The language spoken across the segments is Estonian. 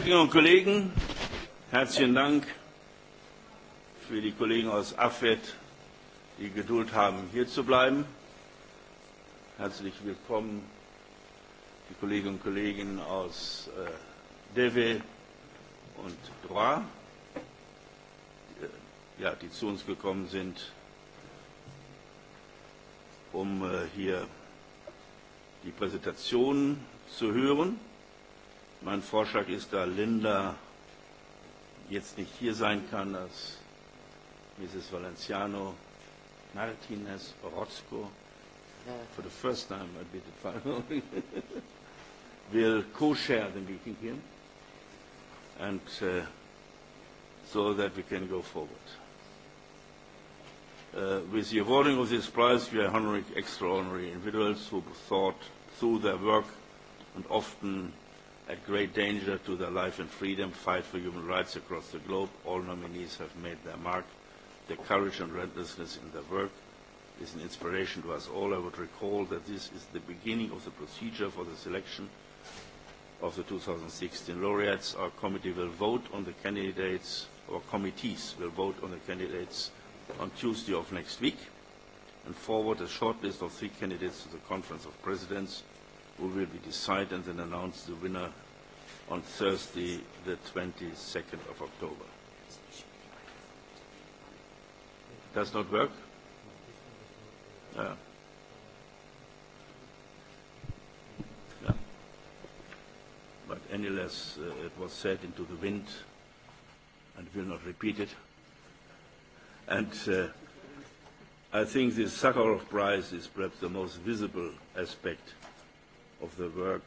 Kolleginnen und Kollegen, herzlichen Dank für die Kollegen aus AFED, die Geduld haben, hier zu bleiben. Herzlich willkommen die Kolleginnen und Kollegen aus äh, DEWE und DROA, die, äh, ja, die zu uns gekommen sind, um äh, hier die Präsentation zu hören. Mein Vorschlag ist, da Linda jetzt nicht hier sein kann, dass Mrs. Valenciano Martinez Orozco, for the first time I did it finally, will co-chair the meeting here, and uh, so that we can go forward. Uh, with the awarding of this prize, we are honoring extraordinary individuals who thought through their work and often at great danger to their life and freedom, fight for human rights across the globe. All nominees have made their mark. Their courage and relentlessness in their work is an inspiration to us all. I would recall that this is the beginning of the procedure for the selection of the 2016 laureates. Our committee will vote on the candidates, or committees will vote on the candidates on Tuesday of next week and forward a short list of three candidates to the Conference of Presidents we will decide and then announce the winner on Thursday, the 22nd of October. Does not work? Yeah. yeah. But anyways, uh, it was said into the wind and will not repeat it. And uh, I think the Sakharov Prize is perhaps the most visible aspect uh, of the work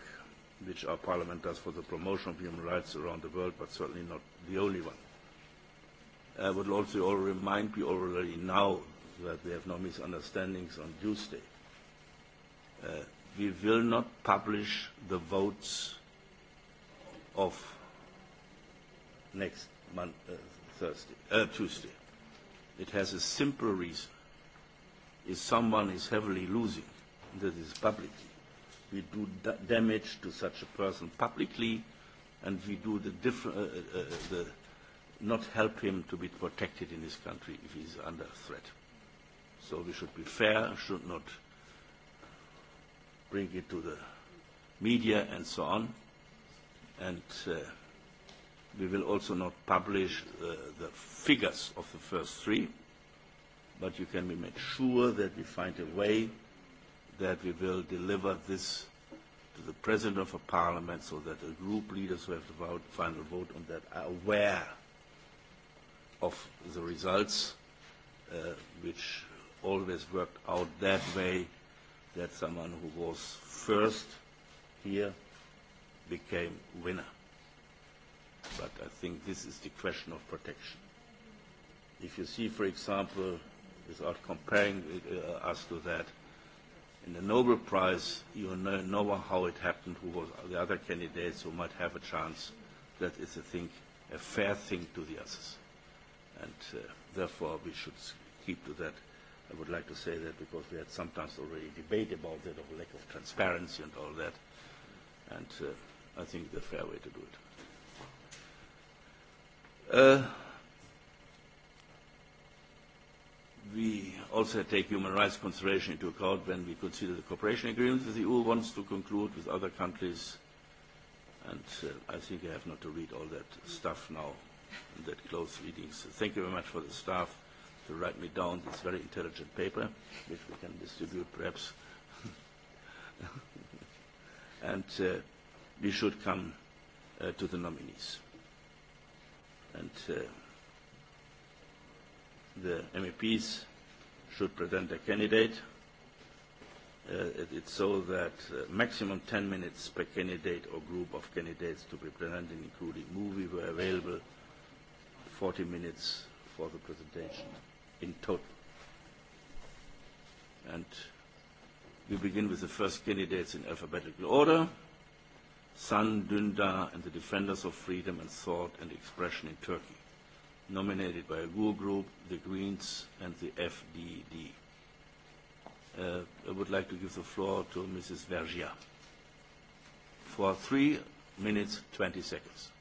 which our parliament does for the promotion of human rights around the world, but certainly not the only one. I would also all remind you already now that we have no misunderstandings on Tuesday. Uh, we will not publish the votes of next month, uh, Thursday, uh, Tuesday. It has a simple reason. If someone is heavily losing, that is publicly, we do da damage to such a person publicly, and we do the, diff- uh, uh, uh, the not help him to be protected in his country if he's under threat. So we should be fair and should not bring it to the media and so on. And uh, we will also not publish uh, the figures of the first three, but you can be made sure that we find a way that we will deliver this to the President of a Parliament so that the group leaders who have the vote, final vote on that are aware of the results, uh, which always worked out that way, that someone who was first here became winner. But I think this is the question of protection. If you see, for example, without comparing uh, uh us to that, in the Nobel Prize, you know, know how it happened, who was the other candidates who might have a chance. That is, I think, a fair thing to the others. And uh, therefore, we should keep to that. I would like to say that because we had sometimes already debate about that of lack of transparency and all that. And uh, I think the fair way to do it. Uh, we also take human rights consideration into account when we consider the cooperation agreements that the EU wants to conclude with other countries. And uh, I think I have not to read all that stuff now in that close reading. So thank you very much for the staff to write me down this very intelligent paper, which we can distribute perhaps. and uh, we should come uh, to the nominees. And uh, the MEPs should present a candidate. Uh, it, it's so that uh, maximum 10 minutes per candidate or group of candidates to be presented, including movie, were available 40 minutes for the presentation in total. And we begin with the first candidates in alphabetical order. Sun Dündar and the Defenders of Freedom and Thought and Expression in Turkey nominated by a GUR group, the Greens, and the FDD. Uh, I would like to give the floor to Mrs. Vergia for 3 minutes 20 seconds.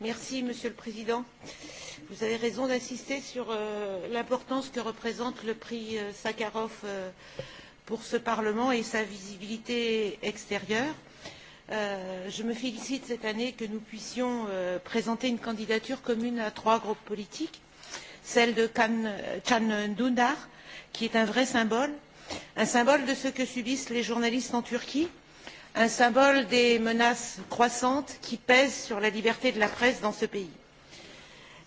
Merci, Monsieur le Président. Vous avez raison d'insister sur euh, l'importance que représente le prix euh, Sakharov euh, pour ce Parlement et sa visibilité extérieure. Euh, Euh, je me félicite cette année que nous puissions euh, présenter une candidature commune à trois groupes politiques, celle de Khan, Chan Dündar, qui est un vrai symbole, un symbole de ce que subissent les journalistes en Turquie, un symbole des menaces croissantes qui pèsent sur la liberté de la presse dans ce pays.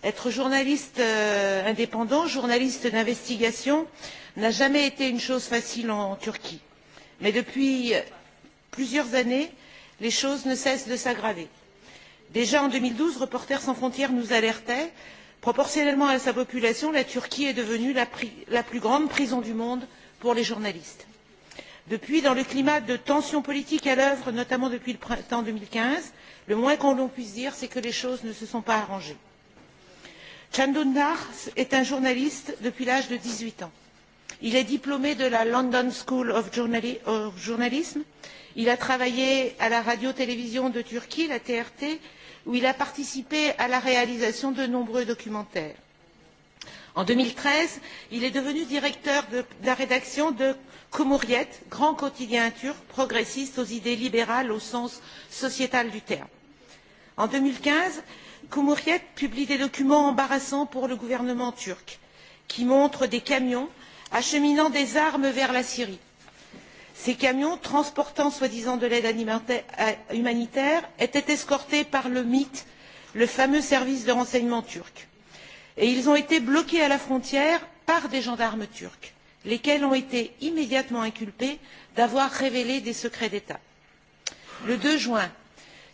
Être journaliste euh, indépendant, journaliste d'investigation, n'a jamais été une chose facile en Turquie. Mais depuis euh, plusieurs années, les choses ne cessent de s'aggraver. déjà en deux mille douze reporters sans frontières nous alertait proportionnellement à sa population la turquie est devenue la, la plus grande prison du monde pour les journalistes. depuis dans le climat de tensions politiques à l'œuvre notamment depuis le printemps deux mille quinze le moins que l'on puisse dire c'est que les choses ne se sont pas arrangées. chandondar est un journaliste depuis l'âge de dix huit ans. il est diplômé de la london school of journalism il a travaillé à la radio télévision de turquie la trt où il a participé à la réalisation de nombreux documentaires. en deux mille treize il est devenu directeur de la rédaction de cumhuriyet grand quotidien turc progressiste aux idées libérales au sens sociétal du terme. en deux mille quinze cumhuriyet publie des documents embarrassants pour le gouvernement turc qui montrent des camions acheminant des armes vers la syrie ces camions transportant soi disant de l'aide euh, humanitaire étaient escortés par le mit le fameux service de renseignement turc et ils ont été bloqués à la frontière par des gendarmes turcs lesquels ont été immédiatement inculpés d'avoir révélé des secrets d'état. le deux juin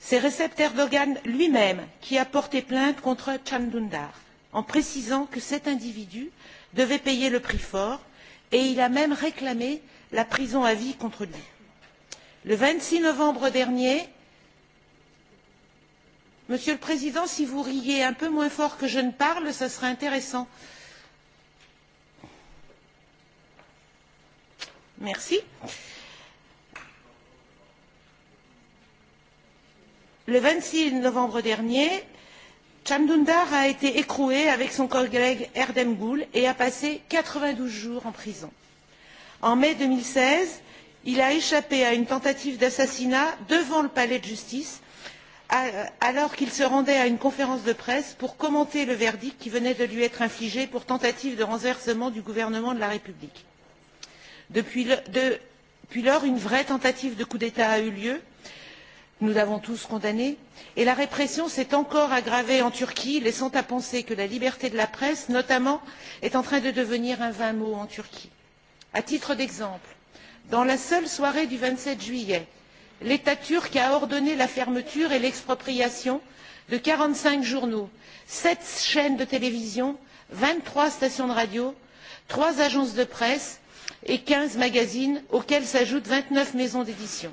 c'est recep erdoan lui même qui a porté plainte contre can dündar en précisant que cet individu devait payer le prix fort et il a même réclamé la prison à vie contre lui. le vingt six novembre dernier monsieur le président si vous riez un peu moins fort que je ne parle ce serait intéressant merci le vingt six novembre dernier chamdundar a été écroué avec son collègue erdem ghul et a passé quatre vingt douze jours en prison en mai deux mille seize il a échappé à une tentative d'assassinat devant le palais de justice euh, alors qu'il se rendait à une conférence de presse pour commenter le verdict qui venait de lui être infligé pour tentative de renversement du gouvernement de la république. depuis lors une vraie tentative de coup d'état a eu lieu nous l'avons tous condamnée et la répression s'est encore aggravée en turquie laissant à penser que la liberté de la presse notamment est en train de devenir un vain mot en turquie à titre d'exemple dans la seule soirée du vingt sept juillet l'état turc a ordonné la fermeture et l'expropriation de quarante cinq journaux sept chaînes de télévision vingt trois stations de radio trois agences de presse et quinze magazines auxquels s'ajoutent vingt neuf maisons d'édition.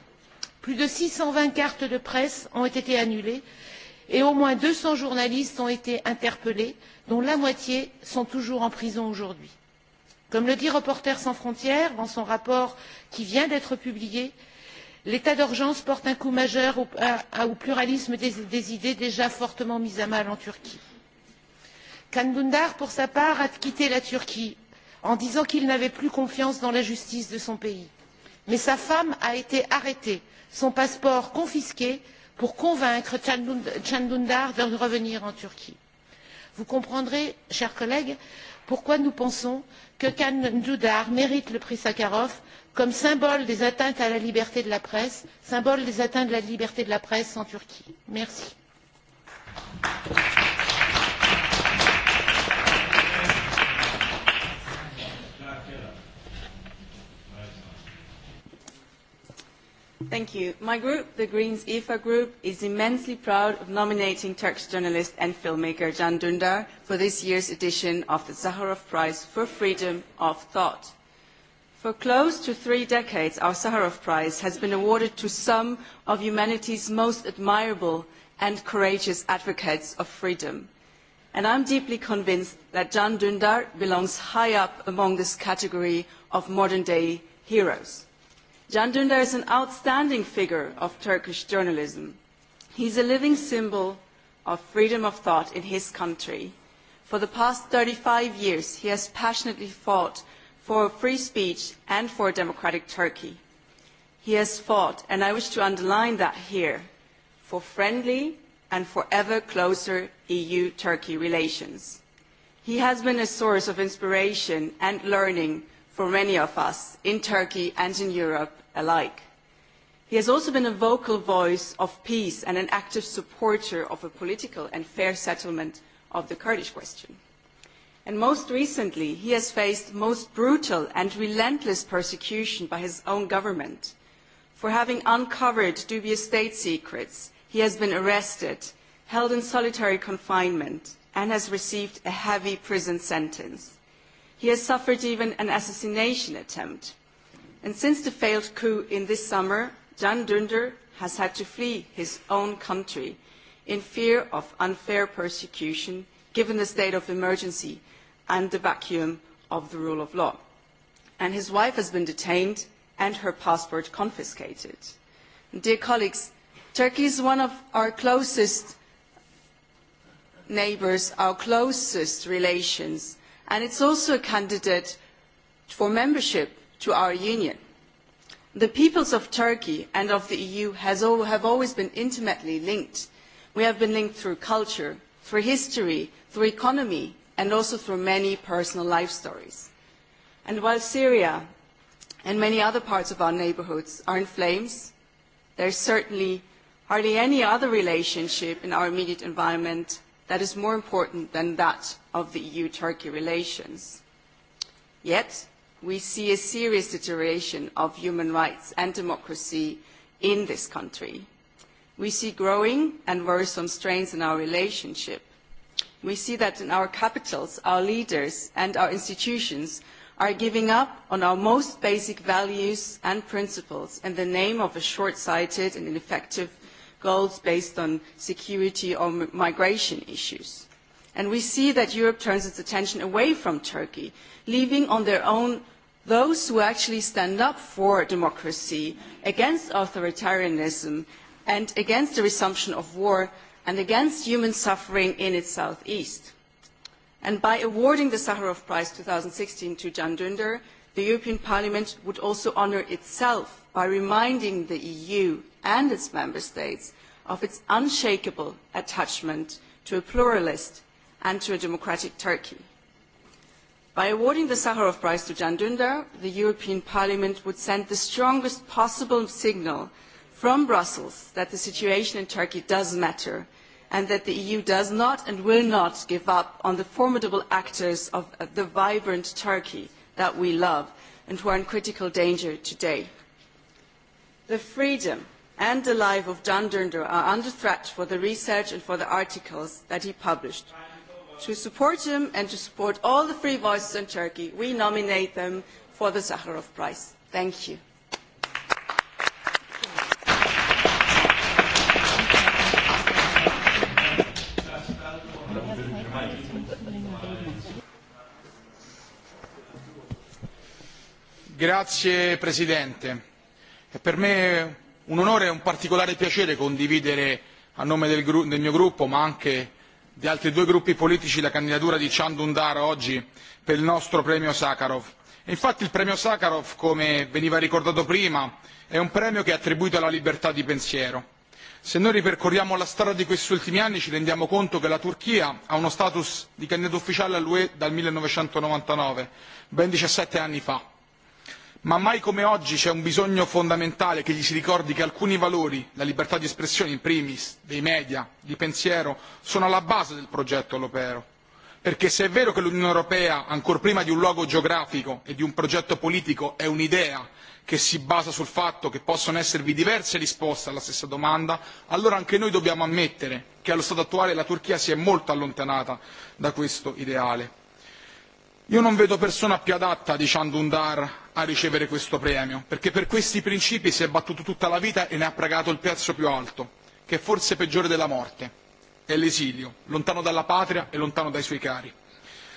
plus de six cent vingt cartes de presse ont été annulées et au moins deux cents journalistes ont été interpellés dont la moitié sont toujours en prison aujourd'hui comme le dit reporters sans frontières dans son rapport qui vient d'être publié l'état d'urgence porte un coup majeur au, à, au pluralisme des, des idées déjà fortement mis à mal en turquie. can dündar pour sa part a quitté la turquie en disant qu'il n'avait plus confiance dans la justice de son pays mais sa femme a été arrêtée son passeport confisqué pour convaincre can dündar de revenir en turquie. vous comprendrez chers collègues pourquoi nous pensons que kamel ndoudar mérite le prix sakharov comme symbole des atteintes à la liberté de la presse symbole des atteintes à la liberté de la presse en turquie. merci. applaudissements Thank you. My group, the Greens IFA Group, is immensely proud of nominating Turkish journalist and filmmaker Can Dündar for this year's edition of the Sakharov Prize for Freedom of Thought. For close to three decades, our Sakharov Prize has been awarded to some of humanity's most admirable and courageous advocates of freedom. And I'm deeply convinced that Can Dündar belongs high up among this category of modern-day heroes. Can Dündar is an outstanding figure of Turkish journalism. He's a living symbol of freedom of thought in his country. For the past 35 years, he has passionately fought for free speech and for a democratic Turkey. He has fought, and I wish to underline that here, for friendly and forever closer EU-Turkey relations. He has been a source of inspiration and learning for many of us in Turkey and in Europe alike. He has also been a vocal voice of peace and an active supporter of a political and fair settlement of the Kurdish question. And most recently, he has faced most brutal and relentless persecution by his own government. For having uncovered dubious state secrets, he has been arrested, held in solitary confinement, and has received a heavy prison sentence. He has suffered even an assassination attempt. And since the failed coup in this summer, Jan Dündar has had to flee his own country in fear of unfair persecution given the state of emergency and the vacuum of the rule of law. And his wife has been detained and her passport confiscated. Dear colleagues, Turkey is one of our closest neighbors, our closest relations, and it's also a candidate for membership to our union. The peoples of Turkey and of the EU has all, have always been intimately linked. We have been linked through culture, through history, through economy, and also through many personal life stories. And while Syria and many other parts of our neighborhoods are in flames, there is certainly hardly any other relationship in our immediate environment that is more important than that of the EU-Turkey relations. Yet, we see a serious deterioration of human rights and democracy in this country. We see growing and worrisome strains in our relationship. We see that in our capitals, our leaders and our institutions are giving up on our most basic values and principles in the name of a short-sighted and ineffective goals based on security or migration issues. And we see that Europe turns its attention away from Turkey, leaving on their own those who actually stand up for democracy, against authoritarianism, and against the resumption of war, and against human suffering in its southeast. And by awarding the Sakharov Prize 2016 to Jan Dündar, the European Parliament would also honour itself by reminding the EU and its member states of its unshakable attachment to a pluralist and to a democratic Turkey. By awarding the Sakharov Prize to Can Dündar, the European Parliament would send the strongest possible signal from Brussels that the situation in Turkey does matter and that the EU does not and will not give up on the formidable actors of the vibrant Turkey that we love and who are in critical danger today. The freedom and the life of John Dunder are under threat for the research and for the articles that he published. To support him and to support all the free voices in Turkey, we nominate them for the Sakharov Prize. Thank you. Grazie Presidente. È per me un onore e un particolare piacere condividere a nome del, gru- del mio gruppo, ma anche di altri due gruppi politici, la candidatura di Chan Dundar oggi per il nostro premio Sakharov. E infatti il premio Sakharov, come veniva ricordato prima, è un premio che è attribuito alla libertà di pensiero. Se noi ripercorriamo la storia di questi ultimi anni ci rendiamo conto che la Turchia ha uno status di candidato ufficiale all'UE dal 1999, ben 17 anni fa ma mai come oggi c'è un bisogno fondamentale che gli si ricordi che alcuni valori la libertà di espressione in primis dei media di pensiero sono alla base del progetto europeo perché se è vero che l'unione europea ancor prima di un luogo geografico e di un progetto politico è un'idea che si basa sul fatto che possono esservi diverse risposte alla stessa domanda allora anche noi dobbiamo ammettere che allo stato attuale la turchia si è molto allontanata da questo ideale. Io non vedo persona più adatta di Chandundar a ricevere questo premio, perché per questi principi si è battuto tutta la vita e ne ha pagato il prezzo più alto, che è forse peggiore della morte, è l'esilio, lontano dalla patria e lontano dai suoi cari.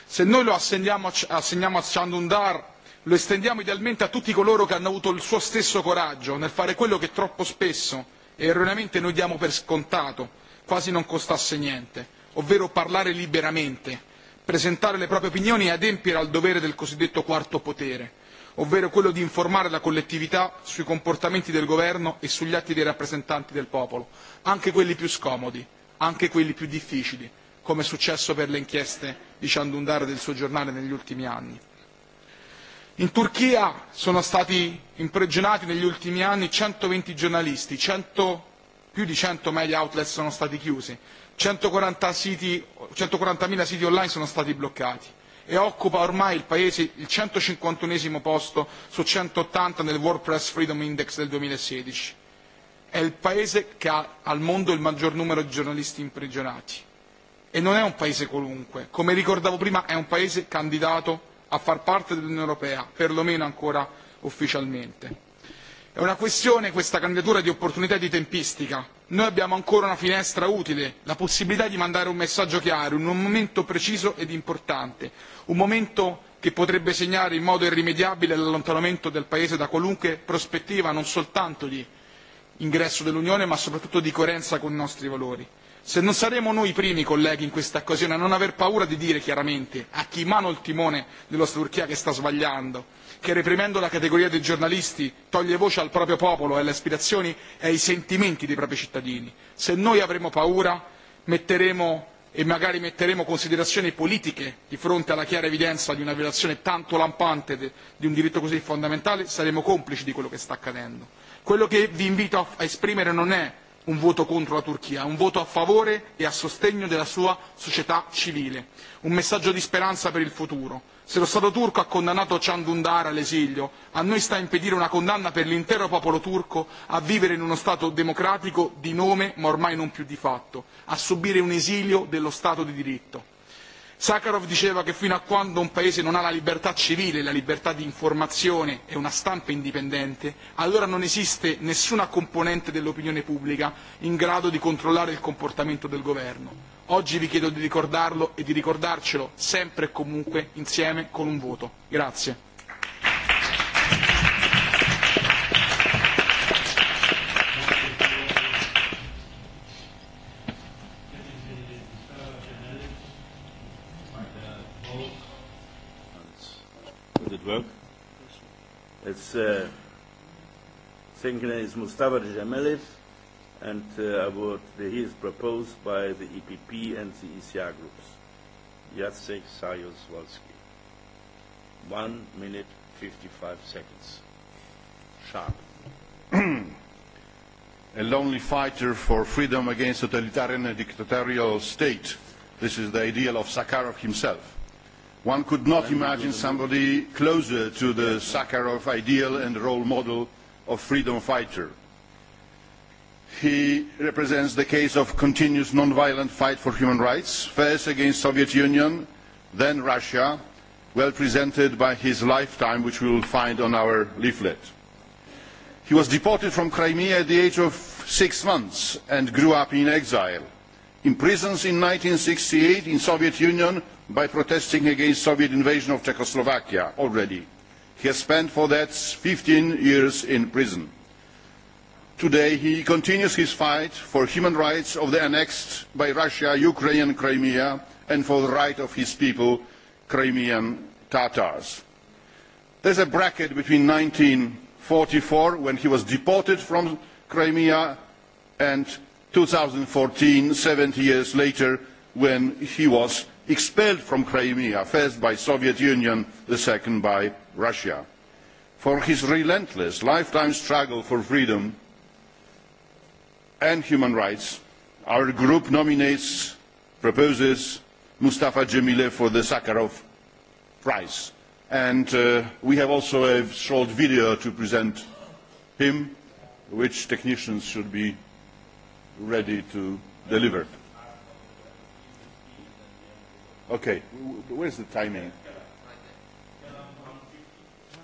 Se noi lo assegniamo, assegniamo a Chandundar, lo estendiamo idealmente a tutti coloro che hanno avuto il suo stesso coraggio nel fare quello che troppo spesso e erroneamente noi diamo per scontato, quasi non costasse niente, ovvero parlare liberamente presentare le proprie opinioni e adempiere al dovere del cosiddetto quarto potere ovvero quello di informare la collettività sui comportamenti del governo e sugli atti dei rappresentanti del popolo anche quelli più scomodi anche quelli più difficili come è successo per le inchieste di chandundar e del suo giornale negli ultimi anni. in turchia sono stati imprigionati negli ultimi anni centoventi giornalisti più di cento media outlet sono stati chiusi centoquaranta siti 140.000 siti online sono stati bloccati e occupa ormai il paese il 151 posto su 180 nel WordPress Freedom Index del 2016. È il paese che ha al mondo il maggior numero di giornalisti imprigionati. E non è un paese qualunque. Come ricordavo prima, è un paese candidato a far parte dell'Unione Europea, perlomeno ancora ufficialmente è una questione questa candidatura di opportunità e di tempistica noi abbiamo ancora una finestra utile la possibilità di mandare un messaggio chiaro in un momento preciso ed importante un momento che potrebbe segnare in modo irrimediabile l'allontanamento del paese da qualunque prospettiva non soltanto di ingresso nell'unione ma soprattutto di coerenza con i nostri valori. se non saremo noi i primi colleghi in questa occasione a non aver paura di dire chiaramente a chi in mano ha il timone della turchia che sta sbagliando che reprimendo la categoria dei giornalisti toglie voce al proprio popolo e alle aspirazioni e ai sentimenti dei propri cittadini. se noi avremo paura metteremo e magari metteremo considerazioni politiche di fronte alla chiara evidenza di una violazione tanto lampante di un diritto così fondamentale saremo complici di quello che sta accadendo. quello che vi invito a esprimere non è un voto contro la turchia è un voto a favore e a sostegno della sua società civile un messaggio di speranza per il futuro. Se lo Stato turco ha condannato Can Dündar all'esilio, a noi sta a impedire una condanna per l'intero popolo turco a vivere in uno Stato democratico di nome ma ormai non più di fatto, a subire un esilio dello Stato di diritto. Sakharov diceva che fino a quando un paese non ha la libertà civile, la libertà di informazione e una stampa indipendente, allora non esiste nessuna componente dell'opinione pubblica in grado di controllare il comportamento del governo. Oggi vi chiedo di ricordarlo e di ricordarcelo sempre e comunque insieme con un voto. Grazie. work. It's uh, thinking is Mustafa Jamelis and uh, I would, he is proposed by the EPP and the ECR groups. Jacek Sajos-Wolski. One minute, 55 seconds. Sharp. a lonely fighter for freedom against totalitarian and dictatorial state. This is the ideal of Sakharov himself. One could not imagine somebody closer to the Sakharov ideal and role model of freedom fighter he represents the case of continuous non-violent fight for human rights, first against Soviet Union, then Russia, well presented by his lifetime, which you will find on our leaflet. He was deported from Crimea at the age of six months and grew up in exile. Imprisoned in 1968 in Soviet Union by protesting against Soviet invasion of Czechoslovakia already. He has spent for that 15 years in prison Today he continues his fight for human rights of the annexed by Russia Ukrainian Crimea and for the right of his people, Crimean Tatars. There's a bracket between 1944, when he was deported from Crimea, and 2014, 70 years later, when he was expelled from Crimea, first by Soviet Union, the second by Russia. For his relentless lifetime struggle for freedom, and human rights, our group nominates, proposes Mustafa Cemile for the Sakharov Prize. And uh, we have also a short video to present him, which technicians should be ready to deliver. Okay, where's the timing?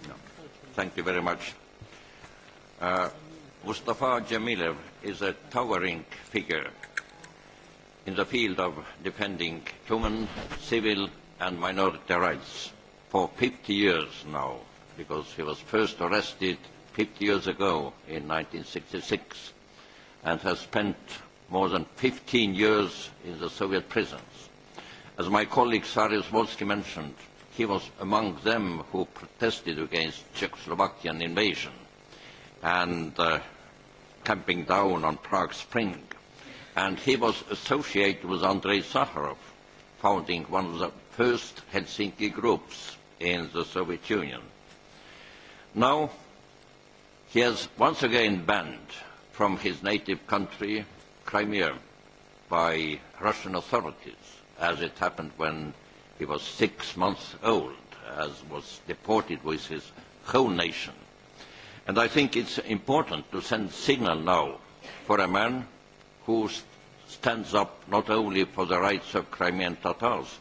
No. Thank you very much. Uh, Mustafa Jamilev is a towering figure in the field of defending human, civil and minority rights for 50 years now, because he was first arrested 50 years ago in 1966 and has spent more than 15 years in the Soviet prisons. As my colleague Sarius Volsky mentioned, he was among them who protested against Czechoslovakian invasion. And uh, tamping down on Prague Spring. And he was associated with Andrei Sakharov, founding one of the first Helsinki groups in the Soviet Union. Now, he has once again banned from his native country, Crimea, by Russian authorities, as it happened when he was six months old, as was deported with his whole nation And I think it's important to send signal now for a man who stands up not only for the rights of Crimean Tatars,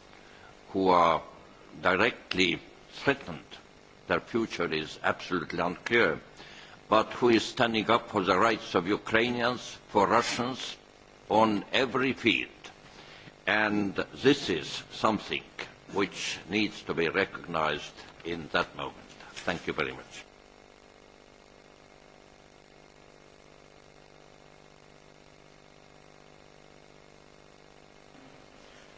who are directly threatened, their future is absolutely unclear, but who is standing up for the rights of Ukrainians, for Russians, on every field. And this is something which needs to be recognized in that moment. Thank you very much.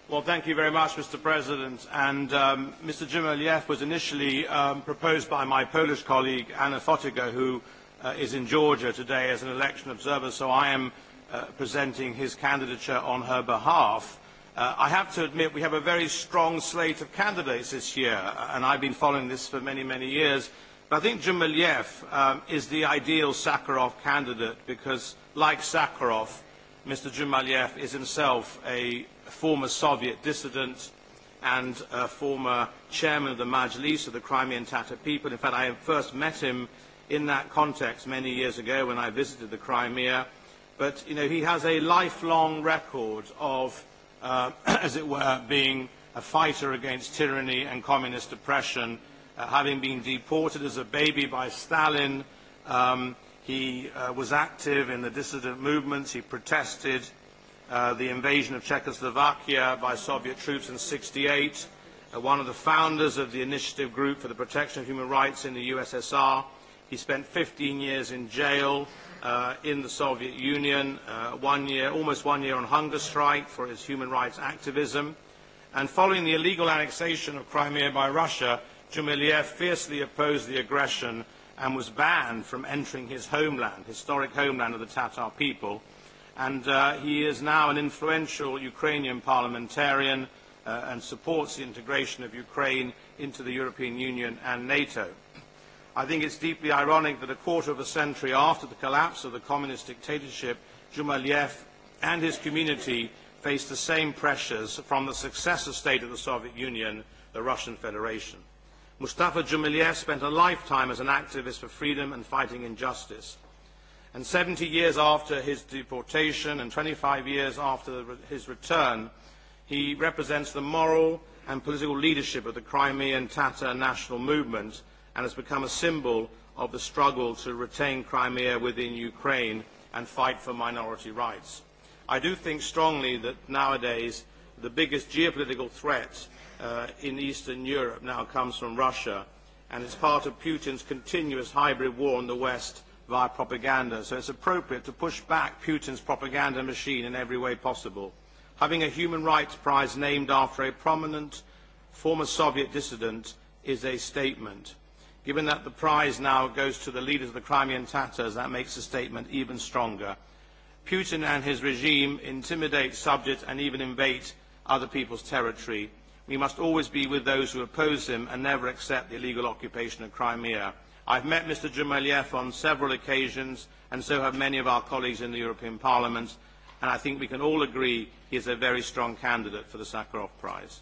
Well, thank you very much, Mr. President. And um, Mr. Jimeliev was initially um, proposed by my Polish colleague, Anna Fotiga, who uh, is in Georgia today as an election observer, so I am uh, presenting his candidature on her behalf. Uh, I have to admit we have a very strong slate of candidates this year, and I've been following this for many, many years. But I think Jimeliev um, is the ideal Sakharov candidate because, like Sakharov, Mr. Jimeliev is himself a a former Soviet dissident and a former chairman of the Majlis of the Crimean Tatar people. In fact, I first met him in that context many years ago when I visited the Crimea. But, you know, he has a lifelong record of, uh, as it were, being a fighter against tyranny and communist oppression, uh, having been deported as a baby by Stalin. Um, he uh, was active in the dissident movements. He protested uh, the invasion of Czechoslovakia by Soviet troops in 68, uh, one of the founders of the Initiative Group for the Protection of Human Rights in the USSR. He spent 15 years in jail uh, in the Soviet Union, uh, one year, almost one year on hunger strike for his human rights activism. And following the illegal annexation of Crimea by Russia, Jumiliev fiercely opposed the aggression and was banned from entering his homeland, historic homeland of the Tatar people and uh, he is now an influential Ukrainian parliamentarian uh, and supports the integration of Ukraine into the European Union and NATO. I think it's deeply ironic that a quarter of a century after the collapse of the communist dictatorship, Zhumaliev and his community faced the same pressures from the successor state of the Soviet Union, the Russian Federation. Mustafa Zhumaliev spent a lifetime as an activist for freedom and fighting injustice and 70 years after his deportation and 25 years after his return, he represents the moral and political leadership of the Crimean Tatar national movement and has become a symbol of the struggle to retain Crimea within Ukraine and fight for minority rights. I do think strongly that nowadays the biggest geopolitical threat uh, in Eastern Europe now comes from Russia and is part of Putin's continuous hybrid war on the West via propaganda, so it's appropriate to push back Putin's propaganda machine in every way possible. Having a human rights prize named after a prominent former Soviet dissident is a statement. Given that the prize now goes to the leaders of the Crimean Tatars, that makes the statement even stronger. Putin and his regime intimidate subjects and even invade other people's territory. We must always be with those who oppose him and never accept the illegal occupation of Crimea. I have met Mr Gemeliev on several occasions, and so have many of our colleagues in the European Parliament, and I think we can all agree he is a very strong candidate for the Sakharov Prize.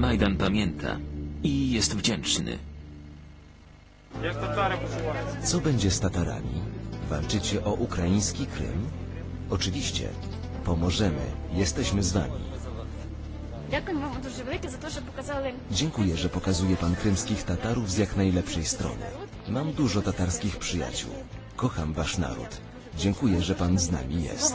Majdan pamięta i jest wdzięczny. Co będzie z Tatarami? Walczycie o ukraiński Krym? Oczywiście. Pomożemy. Jesteśmy z wami. Дякуємо вам дуже велике за те, що показали. Dziękuję, że pokazuje pan krymskich Tatarów z jak najlepszej strony. Mam dużo tatarskich przyjaciół. Kocham wasz naród. Dziękuję, że pan z nami jest.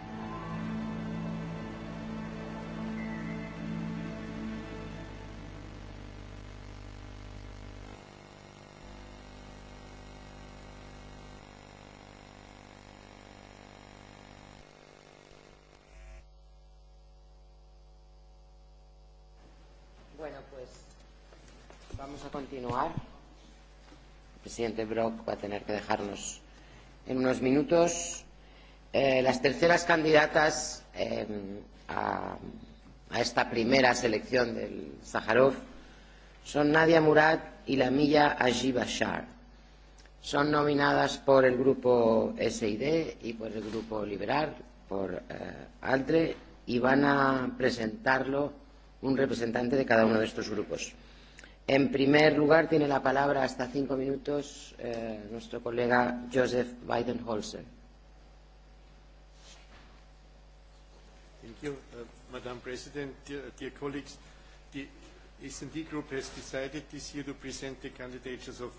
presidente Brock va a tener que dejarnos en unos minutos. Eh, las terceras candidatas eh, a, a esta primera selección del Sájarov son Nadia Murad y Lamilla Aji Bashar. Son nominadas por el grupo SID y por el grupo Liberal, por eh, ALDRE, y van a presentarlo un representante de cada uno de estos grupos. En primer lugar, tiene la palabra hasta cinco minutos eh, nuestro colega Joseph Weidenholzer. Thank you, uh, Madam President, dear, dear colleagues. The S&D Group has decided this year to present the candidatures of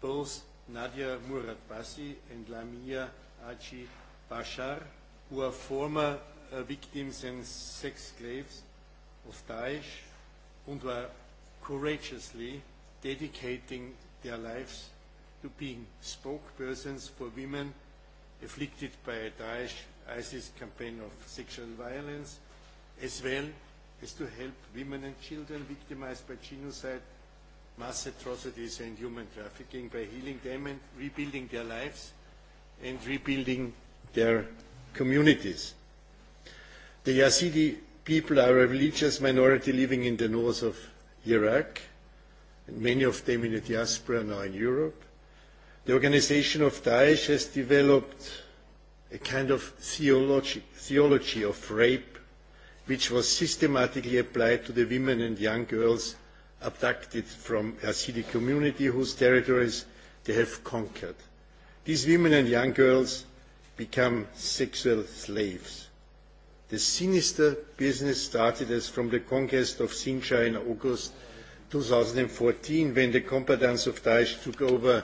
both Nadia Muradbashi and Lamia Aji Bashar, who are former uh, victims and sex slaves of Daesh and were courageously dedicating their lives to being spokespersons for women afflicted by a Daesh ISIS campaign of sexual violence, as well is to help women and children victimized by genocide, mass atrocities and human trafficking by healing them and rebuilding their lives and rebuilding their communities. The Yazidi people are a religious minority living in the north of Iraq, and many of them in the diaspora now in Europe. The organization of Daesh has developed a kind of theology, theology of rape, which was systematically applied to the women and young girls abducted from Yazidi community whose territories they have conquered. These women and young girls become sexual slaves. This sinister business started as from the conquest of Sinjar in August 2014 when the combatants of Daesh took over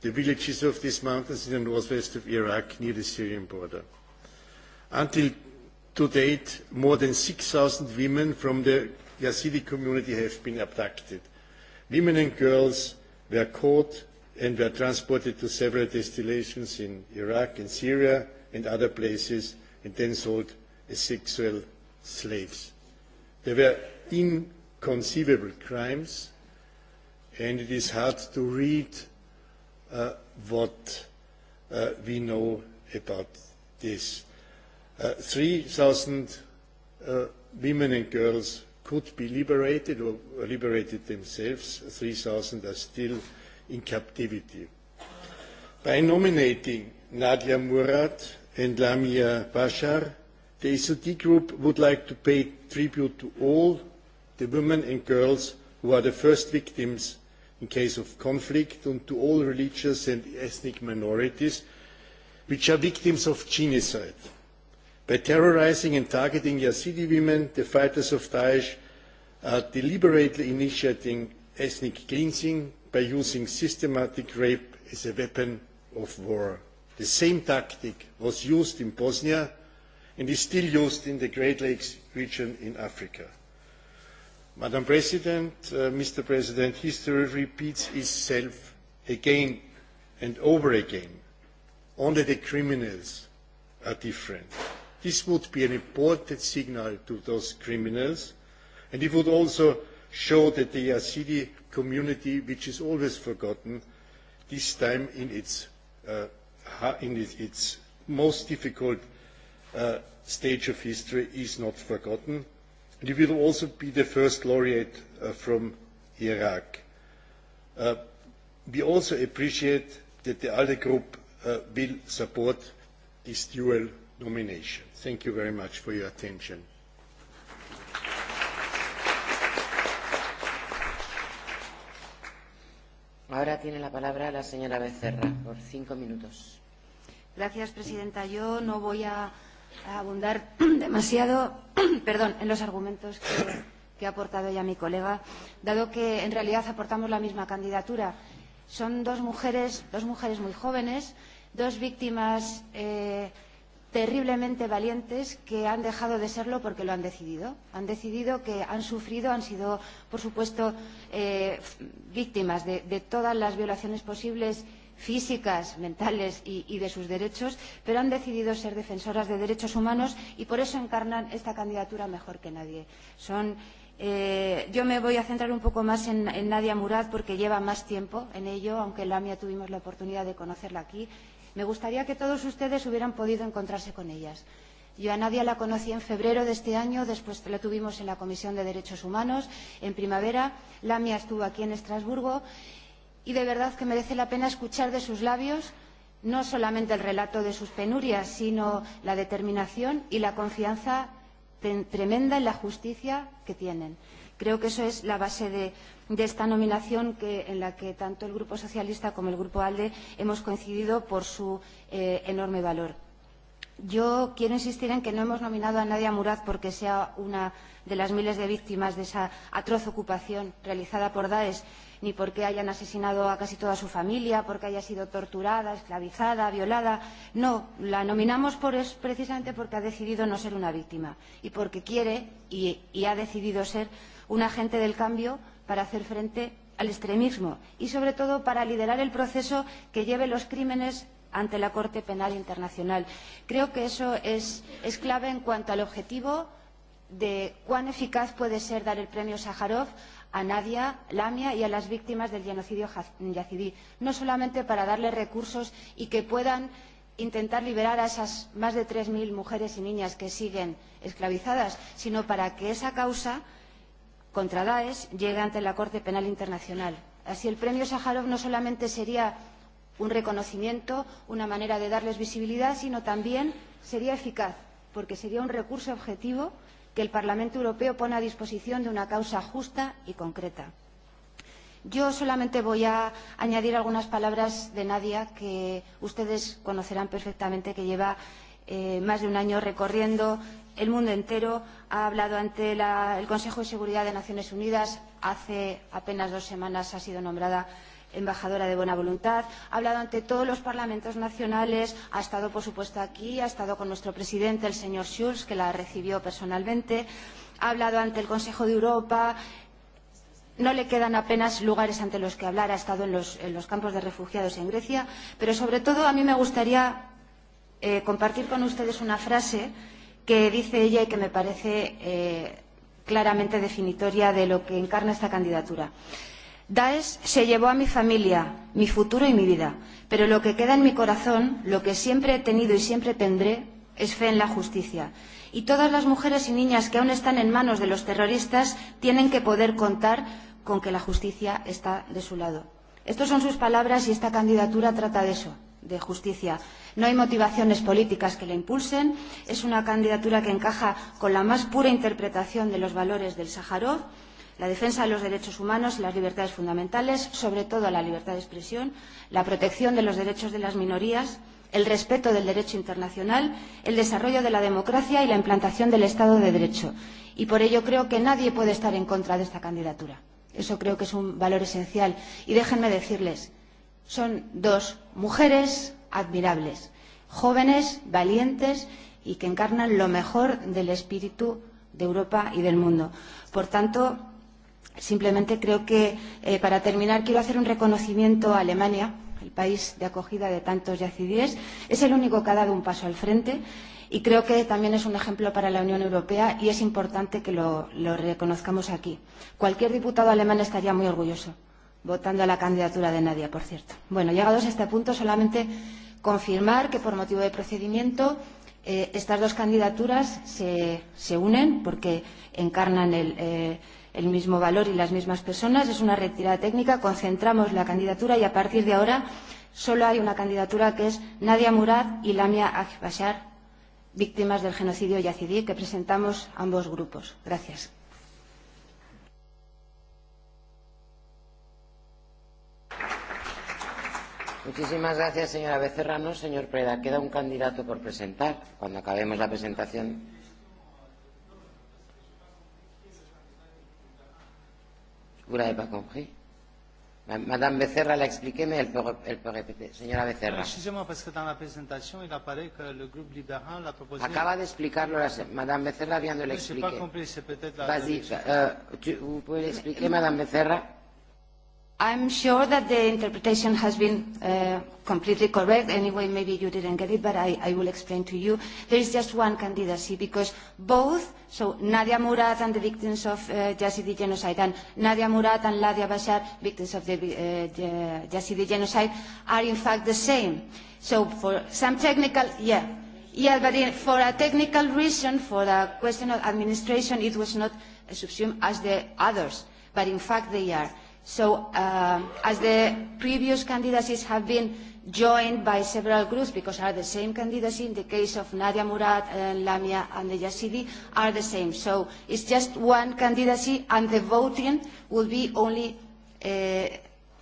the villages of these mountains in the northwest of Iraq near the Syrian border. Until to date, more than 6,000 women from the Yazidi community have been abducted. Women and girls were caught and were transported to several destinations in Iraq and Syria and other places and then sold as sexual slaves. They were inconceivable crimes, and it is hard to read uh, what uh, we know about this. Uh, 3,000 uh, women and girls could be liberated or liberated themselves. 3,000 are still in captivity. By nominating Nadia Murad and Lamia Bashar, The S&D e Group would like to pay tribute to all the women and girls who are the first victims in case of conflict and to all religious and ethnic minorities which are victims of genocide. By terrorizing and targeting Yazidi women, the fighters of Daesh are deliberately initiating ethnic cleansing by using systematic rape as a weapon of war. The same tactic was used in Bosnia and is still used in the Great Lakes region in Africa. Madam President, uh, Mr. President, history repeats itself again and over again. Only the criminals are different. This would be an important signal to those criminals, and it would also show that the Yazidi community, which is always forgotten, this time in its, uh, in its most difficult uh, stage of history is not forgotten. And he will also be the first laureate uh, from Iraq. Uh, we also appreciate that the ALDE group uh, will support this dual nomination. Thank you very much for your attention. Ahora tiene la palabra la señora Becerra por cinco minutos. Gracias, presidenta. Yo no voy a a abundar demasiado perdón, en los argumentos que, que ha aportado ya mi colega, dado que en realidad aportamos la misma candidatura. Son dos mujeres, dos mujeres muy jóvenes, dos víctimas eh, terriblemente valientes que han dejado de serlo porque lo han decidido. Han decidido que han sufrido, han sido, por supuesto, eh, víctimas de, de todas las violaciones posibles físicas, mentales y, y de sus derechos, pero han decidido ser defensoras de derechos humanos y por eso encarnan esta candidatura mejor que nadie. Son Eh, yo me voy a centrar un poco más en, en Nadia Murad porque lleva más tiempo en ello, aunque en la mía tuvimos la oportunidad de conocerla aquí. Me gustaría que todos ustedes hubieran podido encontrarse con ellas. Yo a Nadia la conocí en febrero de este año, después la tuvimos en la Comisión de Derechos Humanos en primavera, Lamia estuvo aquí en Estrasburgo y de verdad que merece la pena escuchar de sus labios no solamente el relato de sus penurias, sino la determinación y la confianza tremenda en la justicia que tienen. Creo que eso es la base de, de esta nominación que, en la que tanto el Grupo Socialista como el Grupo ALDE hemos coincidido por su eh, enorme valor. Yo quiero insistir en que no hemos nominado a Nadia Murad porque sea una de las miles de víctimas de esa atroz ocupación realizada por Daesh, ni porque hayan asesinado a casi toda su familia, porque haya sido torturada, esclavizada, violada. No, la nominamos por es, precisamente porque ha decidido no ser una víctima y porque quiere y, y ha decidido ser un agente del cambio para hacer frente al extremismo y, sobre todo, para liderar el proceso que lleve los crímenes ante la Corte Penal Internacional. Creo que eso es, es clave en cuanto al objetivo de cuán eficaz puede ser dar el premio Sájarov a Nadia Lamia y a las víctimas del genocidio yacidí, no solamente para darles recursos y que puedan intentar liberar a esas más de 3.000 mujeres y niñas que siguen esclavizadas, sino para que esa causa contra Daesh llegue ante la Corte Penal Internacional. Así el premio Sájarov no solamente sería un reconocimiento, una manera de darles visibilidad, sino también sería eficaz, porque sería un recurso objetivo que el Parlamento Europeo pone a disposición de una causa justa y concreta. Yo solamente voy a añadir algunas palabras de Nadia que ustedes conocerán perfectamente, que lleva eh, más de un año recorriendo el mundo entero. Ha hablado ante la, el Consejo de Seguridad de Naciones Unidas. Hace apenas dos semanas ha sido nombrada embajadora de buena voluntad, ha hablado ante todos los parlamentos nacionales, ha estado, por supuesto, aquí, ha estado con nuestro presidente, el señor Schulz, que la recibió personalmente, ha hablado ante el Consejo de Europa, no le quedan apenas lugares ante los que hablar, ha estado en los, en los campos de refugiados en Grecia, pero sobre todo a mí me gustaría eh, compartir con ustedes una frase que dice ella y que me parece eh, claramente definitoria de lo que encarna esta candidatura. Eh, Daesh se llevó a mi familia, mi futuro y mi vida, pero lo que queda en mi corazón, lo que siempre he tenido y siempre tendré, es fe en la justicia. Y todas las mujeres y niñas que aún están en manos de los terroristas tienen que poder contar con que la justicia está de su lado. Estas son sus palabras y esta candidatura trata de eso, de justicia. No hay motivaciones políticas que la impulsen. Es una candidatura que encaja con la más pura interpretación de los valores del Sájarov la defensa de los derechos humanos, las libertades fundamentales, sobre todo la libertad de expresión, la protección de los derechos de las minorías, el respeto del derecho internacional, el desarrollo de la democracia y la implantación del Estado de Derecho. Y por ello creo que nadie puede estar en contra de esta candidatura. Eso creo que es un valor esencial. Y déjenme decirles, son dos mujeres admirables, jóvenes, valientes y que encarnan lo mejor del espíritu de Europa y del mundo. Por tanto, Simplemente creo que, eh, para terminar, quiero hacer un reconocimiento a Alemania, el país de acogida de tantos yacidíes. Es el único que ha dado un paso al frente y creo que también es un ejemplo para la Unión Europea y es importante que lo, lo reconozcamos aquí. Cualquier diputado alemán estaría muy orgulloso, votando a la candidatura de Nadia, por cierto. Bueno, llegados a este punto, solamente confirmar que por motivo de procedimiento Eh, estas dos candidaturas se, se unen porque encarnan el, eh, el mismo valor y las mismas personas. Es una retirada técnica, concentramos la candidatura y a partir de ahora solo hay una candidatura que es Nadia Murad y Lamia Agbashar, víctimas del genocidio yazidí, que presentamos ambos grupos. Gracias. Muchísimas gracias, señora Becerra. No, señor Preda, queda un candidato por presentar cuando acabemos la presentación. Vous l'avez pas compris Madame Becerra l'a expliqué, mais elle peut, elle peut répéter. Señora Becerra. Excusez-moi, parce que dans la présentation, il apparaît que le groupe libéral a proposé... Acaba d'explicarlo, la... Madame Becerra vient de l'expliquer. Je n'ai pas compris, c'est peut-être la... Vas-y, euh, tu, vous pouvez l'expliquer, Madame Becerra I'm sure that the interpretation has been uh, completely correct. Anyway, maybe you didn't get it, but I, I will explain to you. There is just one candidacy because both, so Nadia Murad and the victims of uh, Yazidi genocide, and Nadia Murad and Ladia Bashar, victims of the uh, Yazidi genocide, are in fact the same. So for some technical, yeah, yeah, but in, for a technical reason, for a question of administration, it was not subsumed as the others, but in fact they are. So uh, as the previous candidacies have been joined by several groups because are the same candidacy, in the case of Nadia Murad and uh, Lamia and the Yazidi, are the same. So it's just one candidacy and the voting will be only uh,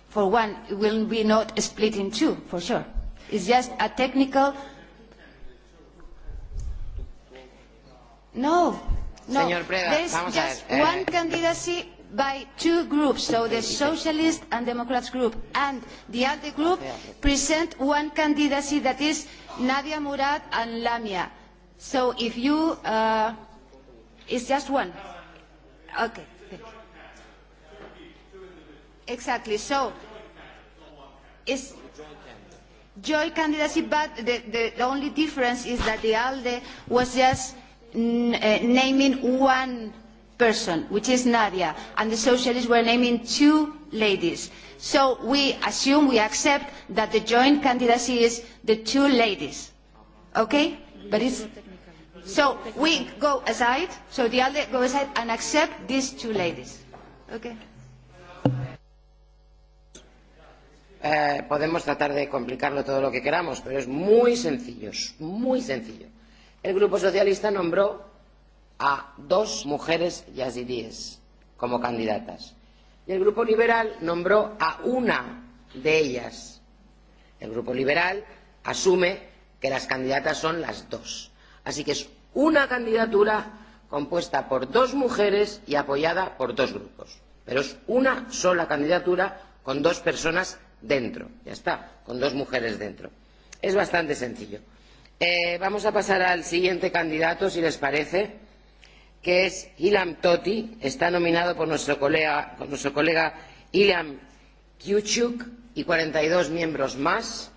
for one. It will be not split in two, for sure. It's just a technical... No, no. Señor Preda, There's vamos just a ver. Eh. one candidacy by two groups, so the Socialist and Democrats group and the ALDE group present one candidacy that is Nadia Murad and Lamia. So if you, uh, it's just one. Okay. Exactly. So it's joint candidacy, but the, the, the only difference is that the ALDE was just n mm, uh, naming one person, which is Nadia, and the socialists were naming two ladies. So we assume, we accept that the joint candidacy is the two ladies. Okay? But it's, so we go aside, so the other go aside and accept these two ladies. Okay. Eh, podemos tratar de complicarlo todo lo que queramos, pero es muy sencillo, es muy sencillo. El Grupo Socialista nombró a dos mujeres yazidíes como candidatas. Y el Grupo Liberal nombró a una de ellas. El Grupo Liberal asume que las candidatas son las dos. Así que es una candidatura compuesta por dos mujeres y apoyada por dos grupos. Pero es una sola candidatura con dos personas dentro. Ya está, con dos mujeres dentro. Es bastante sencillo. Eh, vamos a pasar al siguiente candidato, si les parece que es Ilam Toti, está nominado por nuestro colega, por nuestro colega Ilam Kiuchuk y 42 miembros más.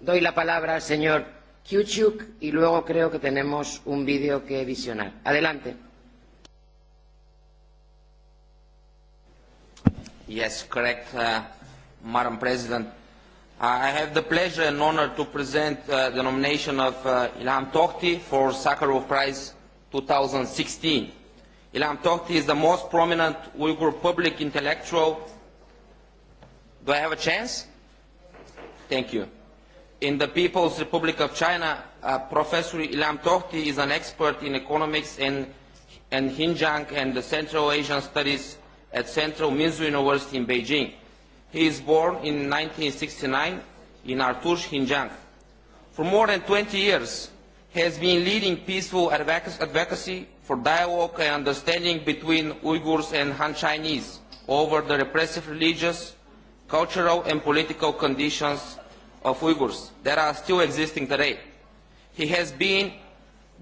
Doy la palabra al señor Kiuchuk y luego creo que tenemos un vídeo que visionar. Adelante. Yes, correct, uh, Madam President. I have the pleasure and honor to present uh, the nomination of uh, Ilham Tohti for Sakharov Prize 2016. Ilham Tohti is the most prominent Uyghur public intellectual. Do I have a chance? Thank you. In the People's Republic of China, uh, Professor Ilham Tohti is an expert in economics and, and Xinjiang and the Central Asian Studies at Central Minzu University in Beijing. He is born in 1969 in Artush, Xinjiang. For more than 20 years, has been leading peaceful advocacy for dialogue and understanding between Uyghurs and Han Chinese over the repressive religious, cultural and political conditions of Uyghurs that are still existing today. He has been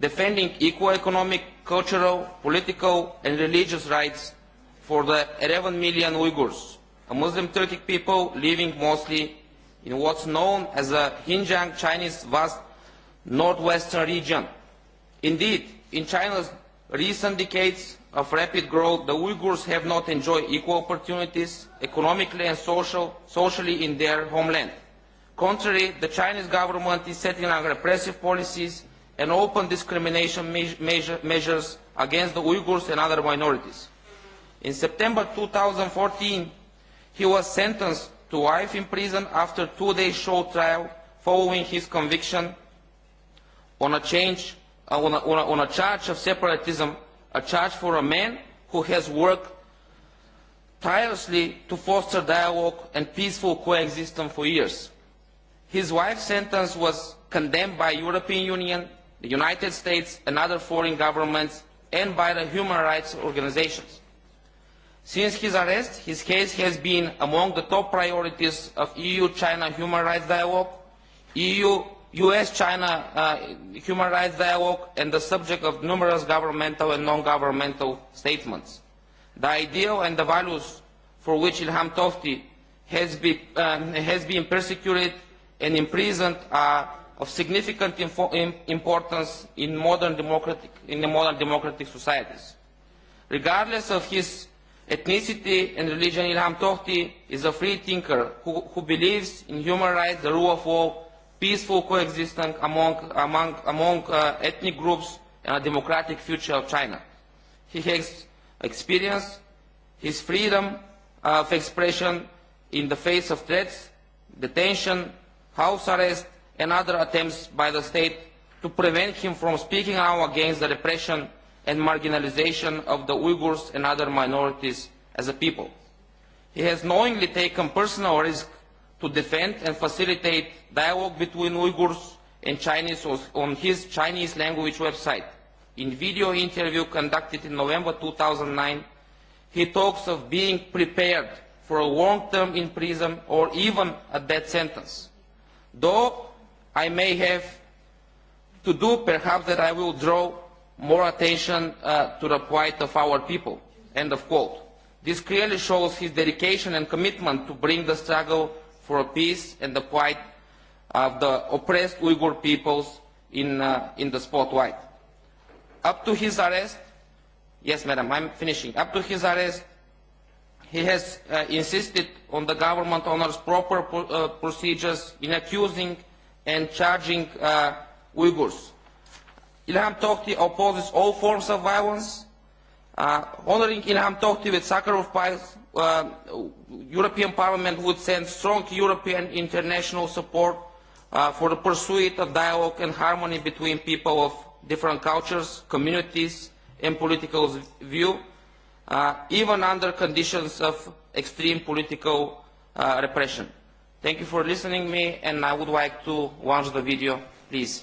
defending equal economic, cultural, political and religious rights for the 11 million Uyghurs, a Muslim Turkic people living mostly in what's known as the Xinjiang Chinese vast northwestern region. Indeed, in China's recent decades of rapid growth, the Uyghurs have not enjoyed equal opportunities economically and social, socially in their homeland. Contrary, the Chinese government is setting on repressive policies and open discrimination me measure measures against the Uyghurs and other minorities. In September 2014, he was sentenced to life in prison after two-day show trial following his conviction on a change, uh, on, a, on, a, on a charge of separatism, a charge for a man who has worked tirelessly to foster dialogue and peaceful coexistence for years. His wife's sentence was condemned by European Union, the United States and other foreign governments and by the human rights organizations. Since his arrest, his case has been among the top priorities of EU-China human rights dialogue, EU US-China uh, human rights dialogue and the subject of numerous governmental and non-governmental statements. The ideal and the values for which Ilham Tohti has, be, um, has been persecuted and imprisoned are of significant info- in importance in modern democratic, in the modern democratic societies. Regardless of his ethnicity and religion, Ilham Tohti is a free thinker who, who believes in human rights, the rule of law, peaceful coexistence among, among, among uh, ethnic groups and a democratic future of China. He has experienced his freedom of expression in the face of threats, detention, house arrest, and other attempts by the state to prevent him from speaking out against the repression and marginalization of the Uyghurs and other minorities as a people. He has knowingly taken personal risk to defend and facilitate dialogue between Uyghurs and Chinese on his Chinese language website. In video interview conducted in November 2009, he talks of being prepared for a long term in prison or even a death sentence. Though I may have to do, perhaps that I will draw more attention uh, to the plight of our people. End of quote. This clearly shows his dedication and commitment to bring the struggle for peace and the plight of the oppressed Uyghur peoples in, uh, in the spotlight. Up to his arrest, yes, madam, I'm finishing. Up to his arrest, he has uh, insisted on the government honors proper pro uh, procedures in accusing and charging uh, Uyghurs. Ilham Tohti opposes all forms of violence Uh, honoring Ilham Tohti with Sakharov Prize, uh, European Parliament would send strong European international support uh, for the pursuit of dialogue and harmony between people of different cultures, communities, and political view, uh, even under conditions of extreme political uh, repression. Thank you for listening to me, and I would like to launch the video, please.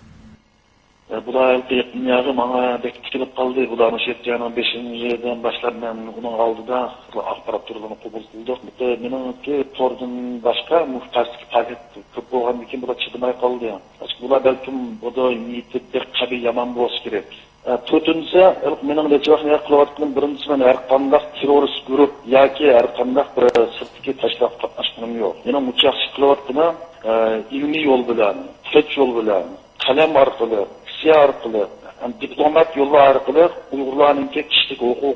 E, Bular dünyada bana bek tikilip kaldı. Bularını şetkiyanın 5. yerden başlap ben bunun aldıda akbarat turlarını kubul kıldık. Bu benim ki tordun başka muhtarsızki paket köp olgan dikin bula çıdımay kaldı. Açık bula belkim bu da niyeti bir kabi yaman boz gerek. Төртінші, менің речевақ не қылып атқаным бірінші мен әрқандақ террорист групп яки әрқандақ бір сыртыке ташлап қатнашқаным жоқ. Менің мұчақшы қылып атқаны илми жол білән, фет жол білән, қалам арқылы, şey orqali, diplomat yo'llari orqali Uyg'urlarningki kishilik huquqi,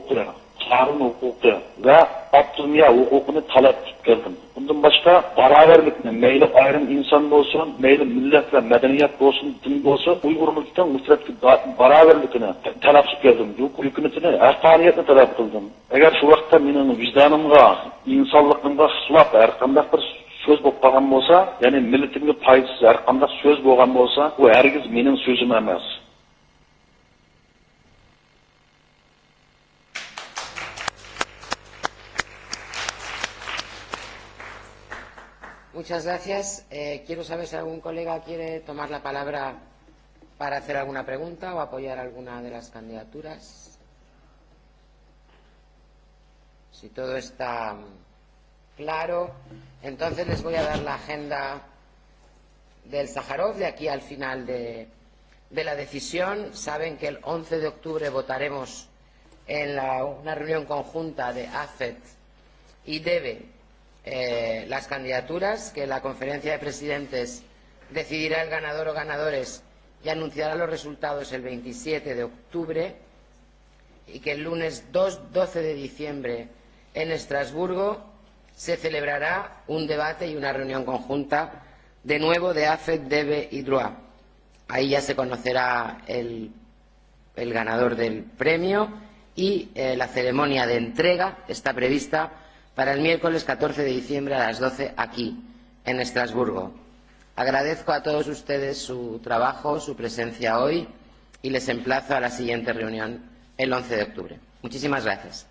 qonun huquqi va avtonomiya huquqini talab qilib keldim. Bundan boshqa barobarlikni mayli ayrim inson bo'lsin, mayli millat va madaniyat bo'lsin, din bo'lsin, Uyg'urlikdan musratga barobarlikni talab qilib keldim. Hukumatini, haqqoniyatni talab qildim. Agar shu vaqtda mening vijdonimga, insonligimga xilof har qanday bir so'z bo'lib qolgan bo'lsa ya'ni millatimga foydasiz har qanday so'z bo'lgan bo'lsa u hargiz mening so'zim emas Muchas gracias. Eh, quiero saber si algún colega quiere tomar la palabra para hacer alguna pregunta o apoyar alguna de las candidaturas. Si todo está mm, Claro. Entonces les voy a dar la agenda del Sajarov de aquí al final de, de la decisión. Saben que el 11 de octubre votaremos en la, una reunión conjunta de AFET y DEBE eh, las candidaturas, que la conferencia de presidentes decidirá el ganador o ganadores y anunciará los resultados el 27 de octubre y que el lunes 2, 12 de diciembre en Estrasburgo se celebrará un debate y una reunión conjunta de nuevo de AFED, DEBE y DROA. Ahí ya se conocerá el, el ganador del premio y eh, la ceremonia de entrega está prevista para el miércoles 14 de diciembre a las 12 aquí, en Estrasburgo. Agradezco a todos ustedes su trabajo, su presencia hoy y les emplazo a la siguiente reunión el 11 de octubre. Muchísimas gracias.